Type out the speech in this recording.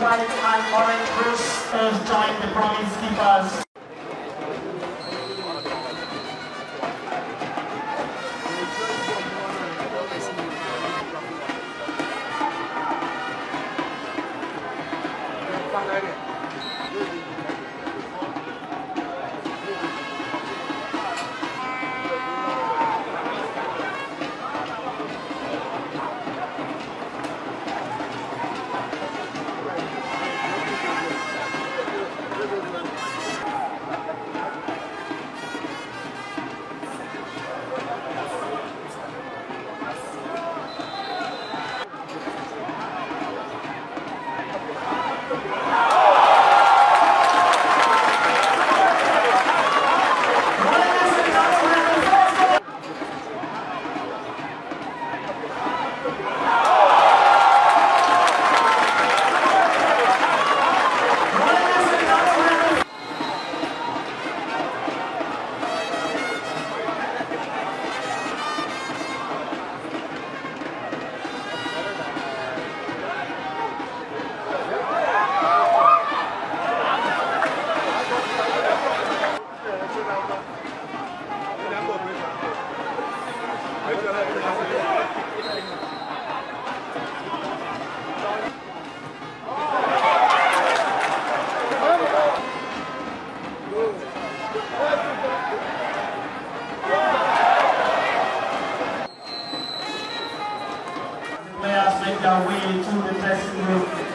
white and orange groups have joined the province keepers. Thank us make our way to the festival.